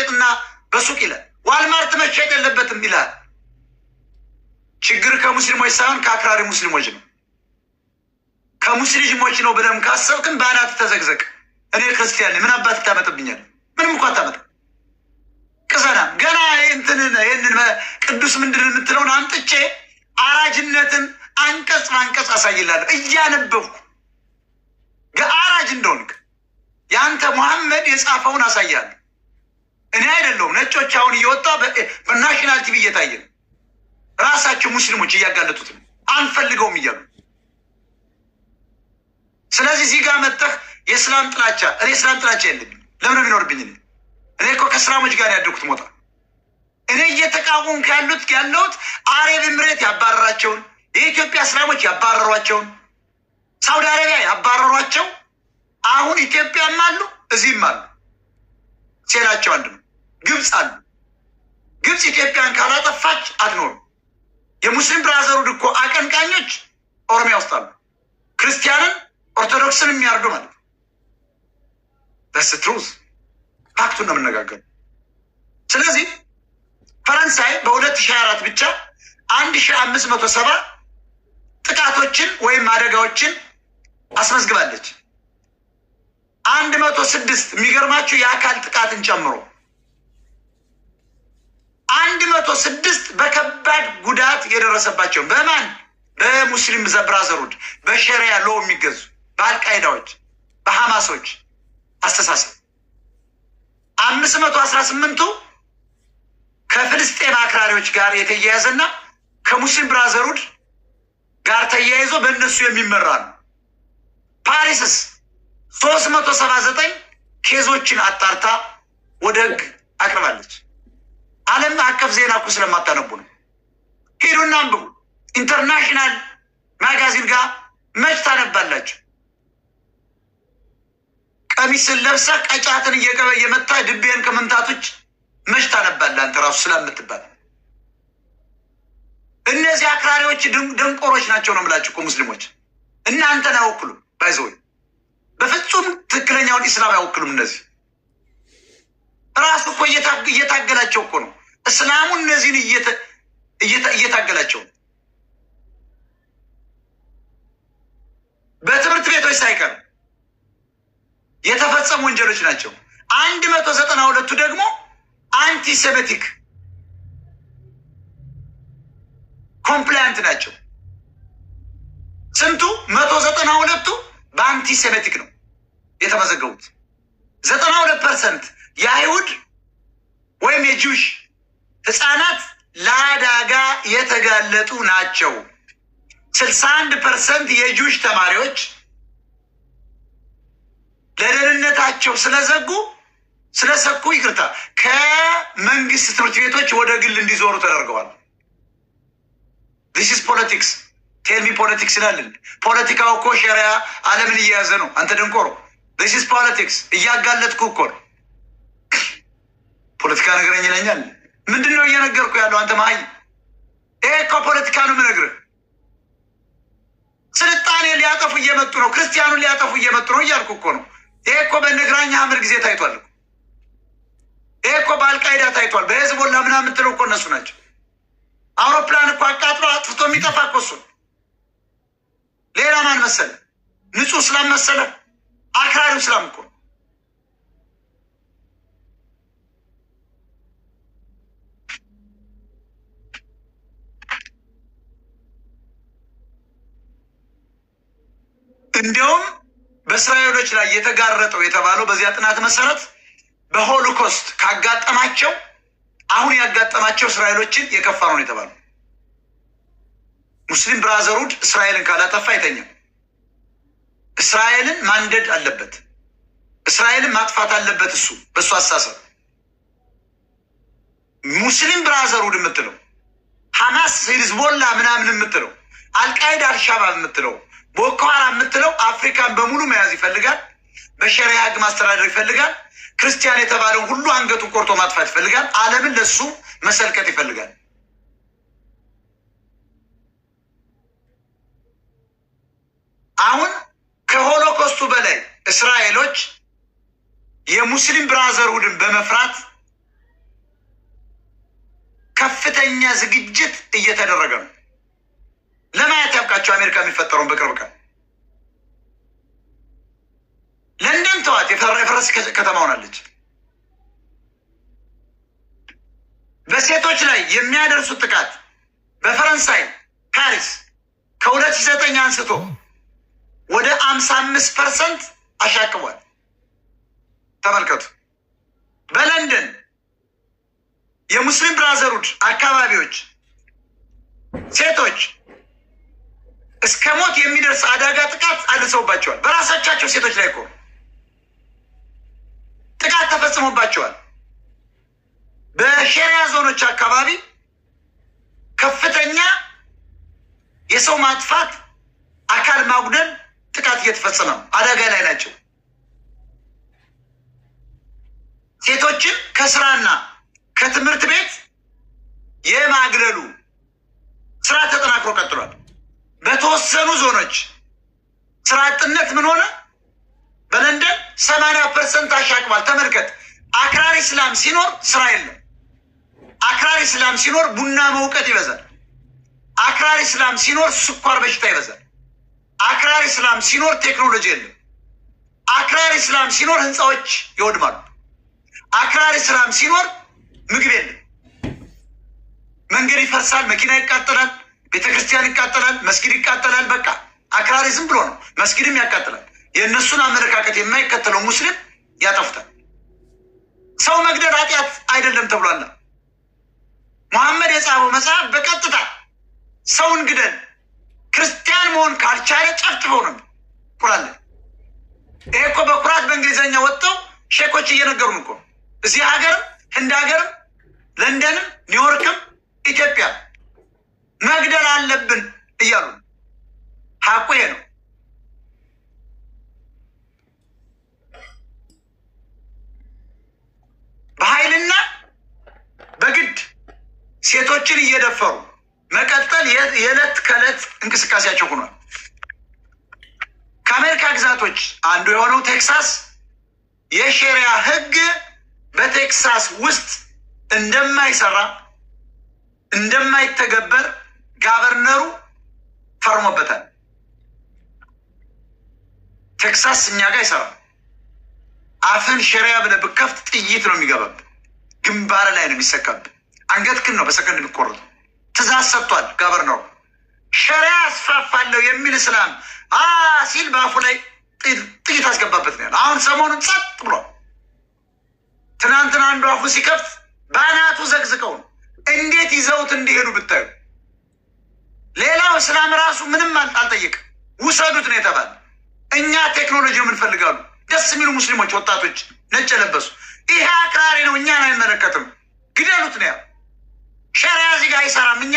መሸጥና በሱቅ ይላል። ዋልማርት መሸጥ የለበትም ይላል። ችግር ከሙስሊሞች ሳይሆን ከአክራሪ ሙስሊሞች ነው። ከሙስሊሞች ነው ብለም ካሰብክን በአናት ተዘግዘቅ። እኔ ክርስቲያን ምን አባት ታመጥብኛል? ምንም እኳ ታመጥ ቅሰና ገና ይህንን ቅዱስ ምንድን የምትለውን አምጥቼ አራጅነትን አንቀጽ በአንቀጽ አሳይላለሁ እያነበብኩ አራጅ እንደሆንክ የአንተ ሙሐመድ የጻፈውን አሳያለሁ። እኔ አይደለሁም። ነጮች አሁን እየወጣ በናሽናል ቲቪ እየታየ ነው። ራሳቸው ሙስሊሞች እያጋለጡት ነው። አንፈልገውም እያሉ ስለዚህ እዚህ ጋር መጠህ የእስላም ጥላቻ እኔ እስላም ጥላቻ የለብኝም። ለምን የሚኖርብኝ እኔ እኮ ከእስላሞች ጋር ያደርኩት ሞጣ። እኔ እየተቃወምኩ ያሉት ያለሁት አረብ ምሬት ያባረራቸውን የኢትዮጵያ እስላሞች ያባረሯቸውን ሳውዲ አረቢያ ያባረሯቸው አሁን ኢትዮጵያም አሉ እዚህም አሉ ሴላቸው አንድ ነው። ግብፅ አሉ። ግብፅ ኢትዮጵያን ካላጠፋች አትኖርም። የሙስሊም ብራዘሩ እኮ አቀንቃኞች ኦሮሚያ ውስጥ አሉ። ክርስቲያንን ኦርቶዶክስን የሚያርዱ ማለት ነው። ትሩዝ ፋክቱን ነው የምነጋገሩ። ስለዚህ ፈረንሳይ በሁለት ሺ አራት ብቻ አንድ ሺ አምስት መቶ ሰባ ጥቃቶችን ወይም አደጋዎችን አስመዝግባለች። አንድ መቶ ስድስት የሚገርማችሁ የአካል ጥቃትን ጨምሮ አንድ መቶ ስድስት በከባድ ጉዳት የደረሰባቸው በማን በሙስሊም ዘብራዘሩድ በሸሪያ ሎ የሚገዙ በአልቃይዳዎች በሐማሶች አስተሳሰብ አምስት መቶ አስራ ስምንቱ ከፍልስጤም አክራሪዎች ጋር የተያያዘ እና ከሙስሊም ብራዘሩድ ጋር ተያይዞ በእነሱ የሚመራ ነው። ፓሪስስ ሶስት መቶ ሰባ ዘጠኝ ኬዞችን አጣርታ ወደ ህግ አቅርባለች። ዓለም አቀፍ ዜና እኮ ስለማታነቡ ነው። ሄዱና አንብቡ። ኢንተርናሽናል ማጋዚን ጋር መች ታነባላችሁ? ቀሚስን ለብሳ ቀጫትን እየቀበ የመታ ድቤን ከመምታቶች መች ታነባለህ አንተ ራሱ ስለምትባል እነዚህ አክራሪዎች ደንቆሮች ናቸው ነው የምላችሁ እኮ ሙስሊሞች እናንተን አይወክሉም። ባይዘ በፍጹም ትክክለኛውን ኢስላም አይወክሉም። እነዚህ ራሱ እኮ እየታገላቸው እኮ ነው። እስላሙ እነዚህን እየታገላቸው ነው። በትምህርት ቤቶች ሳይቀር የተፈጸሙ ወንጀሎች ናቸው። አንድ መቶ ዘጠና ሁለቱ ደግሞ አንቲሴሜቲክ ኮምፕላያንት ናቸው። ስንቱ መቶ ዘጠና ሁለቱ በአንቲሴሜቲክ ነው የተመዘገቡት። ዘጠና ሁለት ፐርሰንት የአይሁድ ወይም የጂውሽ ህፃናት ለአደጋ የተጋለጡ ናቸው። ስልሳ አንድ ፐርሰንት የጁሽ ተማሪዎች ለደህንነታቸው ስለዘጉ ስለሰኩ ይቅርታ ከመንግስት ትምህርት ቤቶች ወደ ግል እንዲዞሩ ተደርገዋል። ዚስ ኢዝ ፖለቲክስ ቴልሚ ፖለቲክስ ይላልን። ፖለቲካው እኮ ሸሪያ አለምን እየያዘ ነው። አንተ ደንቆሮ ዚስ ኢዝ ፖለቲክስ እያጋለጥኩ እኮ ነው። ፖለቲካ ነገር ይለኛል። ምንድን ነው እየነገርኩ ያለው? አንተ ማይ ይሄ እኮ ፖለቲካ ነው የምነግርህ። ስልጣኔ ሊያጠፉ እየመጡ ነው፣ ክርስቲያኑን ሊያጠፉ እየመጡ ነው እያልኩ እኮ ነው። ይሄ እኮ በነግራኛ አምር ጊዜ ታይቷል። ይሄ እኮ በአልቃይዳ ታይቷል። በሄዝቦላ ምናምን የምትለው እኮ እነሱ ናቸው። አውሮፕላን እኮ አቃጥሎ አጥፍቶ የሚጠፋ እኮ ሌላ ማን መሰለ? ንጹህ ስላመሰለ መሰለ? አክራሪው ስላም እንዲያውም በእስራኤሎች ላይ የተጋረጠው የተባለው በዚያ ጥናት መሰረት በሆሎኮስት ካጋጠማቸው አሁን ያጋጠማቸው እስራኤሎችን የከፋ ነው የተባለው። ሙስሊም ብራዘሩድ እስራኤልን ካላጠፋ አይተኛም። እስራኤልን ማንደድ አለበት። እስራኤልን ማጥፋት አለበት። እሱ በእሱ አሳሰብ ሙስሊም ብራዘሩድ የምትለው ሐማስ ሂዝቦላ ምናምን የምትለው አልቃይዳ አልሻባብ የምትለው ቦኮ ሃራም የምትለው አፍሪካን በሙሉ መያዝ ይፈልጋል። በሸሪያ ህግ ማስተዳደር ይፈልጋል። ክርስቲያን የተባለው ሁሉ አንገቱ ቆርጦ ማጥፋት ይፈልጋል። ዓለምን ለሱ መሰልቀት ይፈልጋል። አሁን ከሆሎኮስቱ በላይ እስራኤሎች የሙስሊም ብራዘርሁድን በመፍራት ከፍተኛ ዝግጅት እየተደረገ ነው። ለማየት ያብቃቸው። አሜሪካ የሚፈጠረውን በቅርብ ቀን ለንደን ተዋት፣ የፈረስ ከተማ ሆናለች። በሴቶች ላይ የሚያደርሱት ጥቃት በፈረንሳይ ፓሪስ ከሁለት ሺህ ዘጠኝ አንስቶ ወደ አምሳ አምስት ፐርሰንት አሻቅቧል። ተመልከቱ። በለንደን የሙስሊም ብራዘሩድ አካባቢዎች ሴቶች እስከ ሞት የሚደርስ አደጋ ጥቃት አድርሰውባቸዋል። በራሳቻቸው ሴቶች ላይ እኮ ጥቃት ተፈጽሞባቸዋል። በሸሪያ ዞኖች አካባቢ ከፍተኛ የሰው ማጥፋት፣ አካል ማጉደል ጥቃት እየተፈጸመ ነው። አደጋ ላይ ናቸው። ሴቶችን ከስራና ከትምህርት ቤት የማግለሉ ስራ ተጠናክሮ ቀጥሏል። በተወሰኑ ዞኖች ስራ አጥነት ምን ሆነ? በለንደን ሰማንያ ፐርሰንት አሻቅቧል። ተመልከት። አክራሪ እስላም ሲኖር ስራ የለም። አክራሪ ስላም ሲኖር ቡና መውቀት ይበዛል። አክራሪ ስላም ሲኖር ስኳር በሽታ ይበዛል። አክራሪ ስላም ሲኖር ቴክኖሎጂ የለም። አክራሪ እስላም ሲኖር ህንፃዎች ይወድማሉ። አክራሪ ስላም ሲኖር ምግብ የለም። መንገድ ይፈርሳል፣ መኪና ይቃጠላል። ቤተክርስቲያን ይቃጠላል፣ መስጊድ ይቃጠላል። በቃ አክራሪ ዝም ብሎ ነው። መስጊድም ያቃጥላል። የእነሱን አመለካከት የማይከተለው ሙስሊም ያጠፍታል። ሰው መግደል ኃጢአት አይደለም ተብሏል። መሐመድ የጻፈው መጽሐፍ በቀጥታ ሰውን ግደል፣ ክርስቲያን መሆን ካልቻለ ጨፍጭፈው ነው ቁላለ ይሄ እኮ በኩራት በእንግሊዝኛ ወጥተው ሼኮች እየነገሩን እኮ እዚህ ሀገርም ህንድ ሀገርም ለንደንም ኒውዮርክም ኢትዮጵያ መግደል አለብን እያሉ ሀቁ ይሄ ነው። በኃይልና በግድ ሴቶችን እየደፈሩ መቀጠል የዕለት ከዕለት እንቅስቃሴያቸው ሆኗል። ከአሜሪካ ግዛቶች አንዱ የሆነው ቴክሳስ የሸሪያ ሕግ በቴክሳስ ውስጥ እንደማይሰራ እንደማይተገበር ጋቨርነሩ ፈርሞበታል። ቴክሳስ እኛ ጋር ይሰራል። አፍን ሸሪያ ብለህ ብከፍት ጥይት ነው የሚገባብ ግንባር ላይ ነው አንገት አንገትህን ነው በሰከንድ የሚቆረጡ። ትእዛዝ ሰጥቷል ጋቨርነሩ። ሸሪያ አስፋፋለሁ የሚል እስላም ሲል በአፉ ላይ ጥይት አስገባበት ነው ያለ። አሁን ሰሞኑን ጸጥ ብሏል። ትናንትና አንዱ አፉ ሲከፍት በአናቱ ዘግዝቀው ነው እንዴት ይዘውት እንዲሄዱ ብታዩ ሌላው እስላም ራሱ ምንም አልጠየቅም። ውሰዱት ነው የተባለ። እኛ ቴክኖሎጂ ነው የምንፈልጋሉ። ደስ የሚሉ ሙስሊሞች፣ ወጣቶች፣ ነጭ የለበሱ ይሄ አክራሪ ነው፣ እኛን አይመለከትም፣ ግደሉት ነው ያው። ሸሪያ እዚህ ጋር አይሰራም። እኛ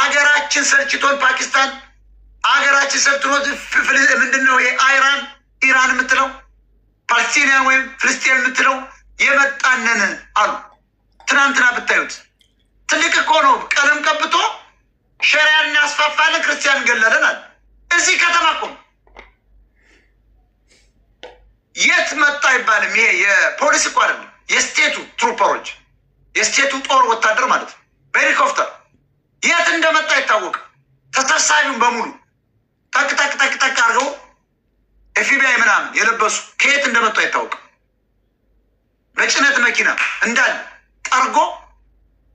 አገራችን ሰልችቶን ፓኪስታን አገራችን ሰብትሮ ምንድነው የአይራን ኢራን የምትለው ፓለስቲኒያን ወይም ፍልስጤን የምትለው የመጣነን አሉ። ትናንትና ብታዩት ትልቅ እኮ ነው ቀለም ቀብቶ ሸሪያ እናስፋፋለን፣ ክርስቲያን እንገላለን። እዚህ ከተማ እኮ የት መጣ አይባልም። ይሄ የፖሊስ እኮ አይደለም፣ የስቴቱ ትሩፐሮች፣ የስቴቱ ጦር ወታደር ማለት ነው። በሄሊኮፕተር የት እንደመጣ አይታወቅም። ተሰብሳቢውን በሙሉ ጠቅ ጠቅ ጠቅ ጠቅ አድርገው ኤፍቢአይ ምናምን የለበሱ ከየት እንደመጡ አይታወቅም። በጭነት መኪና እንዳለ ጠርጎ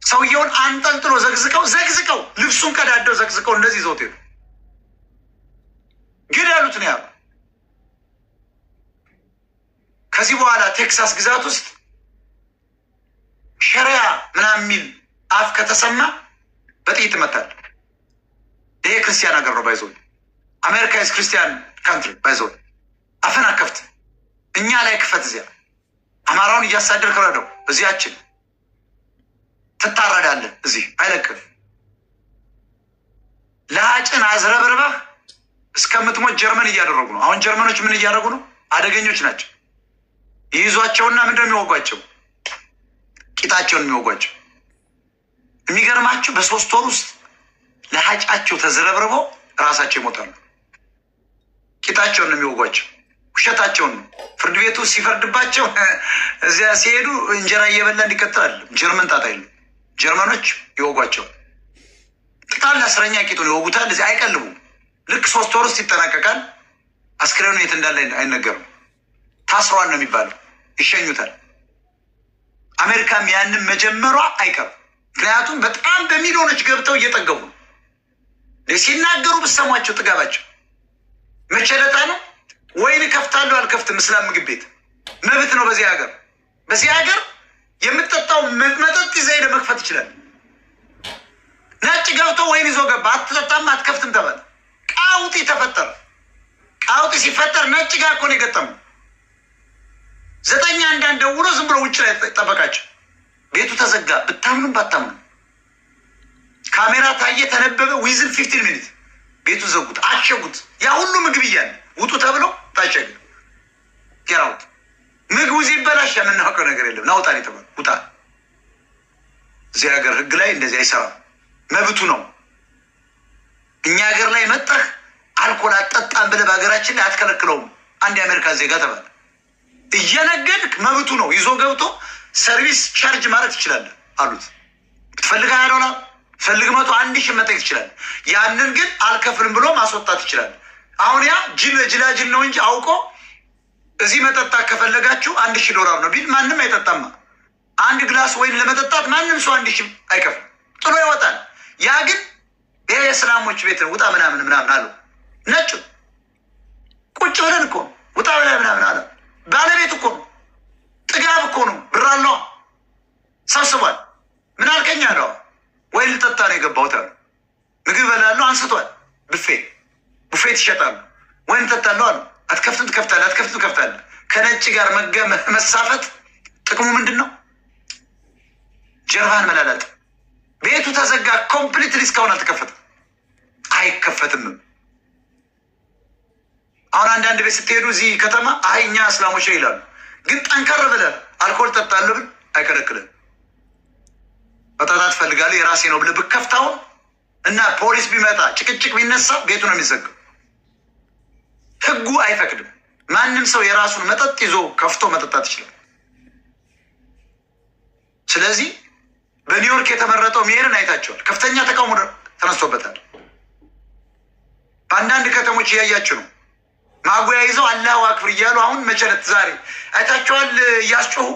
ሰውየውን አንጠልጥሎ ዘግዝቀው ዘግዝቀው ልብሱን ቀዳደው ዘግዝቀው እንደዚህ ይዘውት ሄዱ። ያሉት ነው ያሉ። ከዚህ በኋላ ቴክሳስ ግዛት ውስጥ ሸሪያ ምናምን የሚል አፍ ከተሰማ በጥይት ይመታል። ይሄ ክርስቲያን ሀገር ነው። ባይዞ አሜሪካ ስ ክርስቲያን ካንትሪ ባይዞ አፈን አከፍት እኛ ላይ ክፈት። እዚያ አማራውን እያሳደር ክረደው እዚያችን ትታረዳለህ። እዚህ አይለቅም። ለአጭን አዝረብርበህ እስከምትሞት ጀርመን እያደረጉ ነው። አሁን ጀርመኖች ምን እያደረጉ ነው? አደገኞች ናቸው። ይይዟቸውና ምንድን ነው የሚወጓቸው? ቂጣቸውን የሚወጓቸው። የሚገርማቸው በሶስት ወር ውስጥ ለሀጫቸው ተዝረብርበው ራሳቸው ይሞታሉ። ቂጣቸውን ነው የሚወጓቸው። ውሸታቸውን ነው። ፍርድ ቤቱ ሲፈርድባቸው እዚያ ሲሄዱ እንጀራ እየበላ እንዲቀጥል አለ። ጀርመን ጣጣ የለም። ጀርመኖች ይወጓቸው ጣል አስረኛ ቂጡን ይወጉታል። እዚህ አይቀልቡም። ልክ ሶስት ወር ውስጥ ይጠናቀቃል። አስክሬኑ የት እንዳለ አይነገርም። ታስሯን ነው የሚባለው። ይሸኙታል። አሜሪካም ያንን መጀመሯ አይቀርም። ምክንያቱም በጣም በሚሊዮኖች ገብተው እየጠገቡ ነው። ሲናገሩ ብሰሟቸው ጥጋባቸው መቸለጣ ነው። ወይን ከፍታለሁ አልከፍትም። እስላም ምግብ ቤት መብት ነው በዚህ ሀገር በዚህ ሀገር የምትጠጣው መጠጥ ይዘህ ሄደህ መክፈት ይችላል። ነጭ ገብቶ ወይን ይዞ ገባ፣ አትጠጣም አትከፍትም ተባለ። ቃውጢ ተፈጠረ። ቃውጢ ሲፈጠር ነጭ ጋር እኮ ነው የገጠመው። ዘጠኝ አንዳንድ ደውሎ ዝም ብሎ ውጭ ላይ ጠበቃቸው። ቤቱ ተዘጋ። ብታምኑም ባታምኑ ካሜራ ታየ፣ ተነበበ። ዊዝን ፊፍቲን ሚኒት ቤቱ ዘጉት፣ አሸጉት። ያ ሁሉ ምግብ እያለ ውጡ ተብሎ ታሸግ ጌራውት ምግቡ ሲበላሽ የምናውቀው ነገር የለም። ናውጣ ተባለ ውጣ። እዚህ ሀገር ህግ ላይ እንደዚህ አይሰራም፣ መብቱ ነው። እኛ ሀገር ላይ መጣህ አልኮል አጠጣም ብለህ በሀገራችን ላይ አትከለክለውም። አንድ የአሜሪካ ዜጋ ተባለ እየነገድክ መብቱ ነው፣ ይዞ ገብቶ ሰርቪስ ቻርጅ ማለት ትችላለህ አሉት። ብትፈልግ ሀያ ዶላር ፈልግ መቶ አንድ ሺህ መጠየቅ ትችላለህ። ያንን ግን አልከፍልም ብሎ ማስወጣት ይችላል። አሁን ያ ጅል ጅላጅል ነው እንጂ አውቆ እዚህ መጠጣት ከፈለጋችሁ አንድ ሺ ዶላር ነው ቢል ማንም አይጠጣማ። አንድ ግላስ ወይን ለመጠጣት ማንም ሰው አንድ ሺ አይከፍል፣ ጥሎ ይወጣል። ያ ግን ይሄ የእስላሞች ቤት ነው ውጣ ምናምን ምናምን አለው። ነጭ ቁጭ ብለን እኮ ውጣ ብላ ምናምን አለ። ባለቤት እኮ ነው፣ ጥጋብ እኮ ነው። ብራለ ሰብስቧል። ምን አልከኛ ነው ወይን ልጠጣ ነው የገባሁት ምግብ በላለሁ አንስቷል። ብፌ ቡፌት ይሸጣሉ። ወይን ልጠጣለሁ አለ። አትከፍትም ትከፍታለ፣ አትከፍትም ትከፍታለ። ከነጭ ጋር መሳፈት ጥቅሙ ምንድን ነው? ጀርባን መላላጥ። ቤቱ ተዘጋ ኮምፕሊት እስካሁን አልተከፈትም፣ አይከፈትም። አሁን አንዳንድ ቤት ስትሄዱ እዚህ ከተማ አይ እኛ እስላሞች ይላሉ። ግን ጠንከር ብለህ አልኮል ጠጣለሁ ብለህ አይከለክልህም። መጠጣት ትፈልጋለህ የራሴ ነው ብለህ ብከፍታውን እና ፖሊስ ቢመጣ ጭቅጭቅ ቢነሳ ቤቱ ነው የሚዘጋው። ህጉ አይፈቅድም። ማንም ሰው የራሱን መጠጥ ይዞ ከፍቶ መጠጣት ይችላል። ስለዚህ በኒውዮርክ የተመረጠው ሜርን አይታቸዋል። ከፍተኛ ተቃውሞ ተነስቶበታል። በአንዳንድ ከተሞች እያያችሁ ነው። ማጉያ ይዘው አላሁ አክብር እያሉ አሁን መቸለት ዛሬ አይታቸዋል እያስጮሁ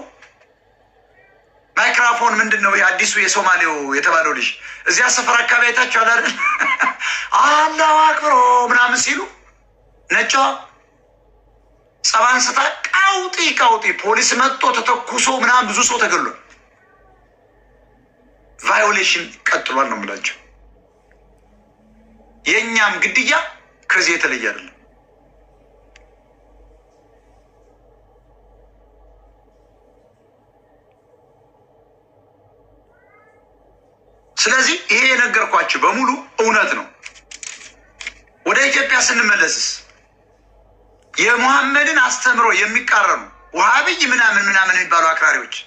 ማይክራፎን ምንድን ነው የአዲሱ የሶማሌው የተባለው ልጅ እዚያ ሰፈር አካባቢ አይታቸዋል አይደል? አላሁ አክብሮ ምናምን ሲሉ ነጯ ጸባን ስታ ቃውጢ ቃውጢ ፖሊስ መጥቶ ተተኩሶ ምናምን ብዙ ሰው ተገሏል። ቫዮሌሽን ቀጥሏል ነው የምላቸው። የእኛም ግድያ ከዚህ የተለየ አይደለም። ስለዚህ ይሄ የነገርኳቸው በሙሉ እውነት ነው። ወደ ኢትዮጵያ ስንመለስስ የሙሐመድን አስተምሮ የሚቃረኑ ውሃብይ ምናምን ምናምን የሚባሉ አክራሪዎች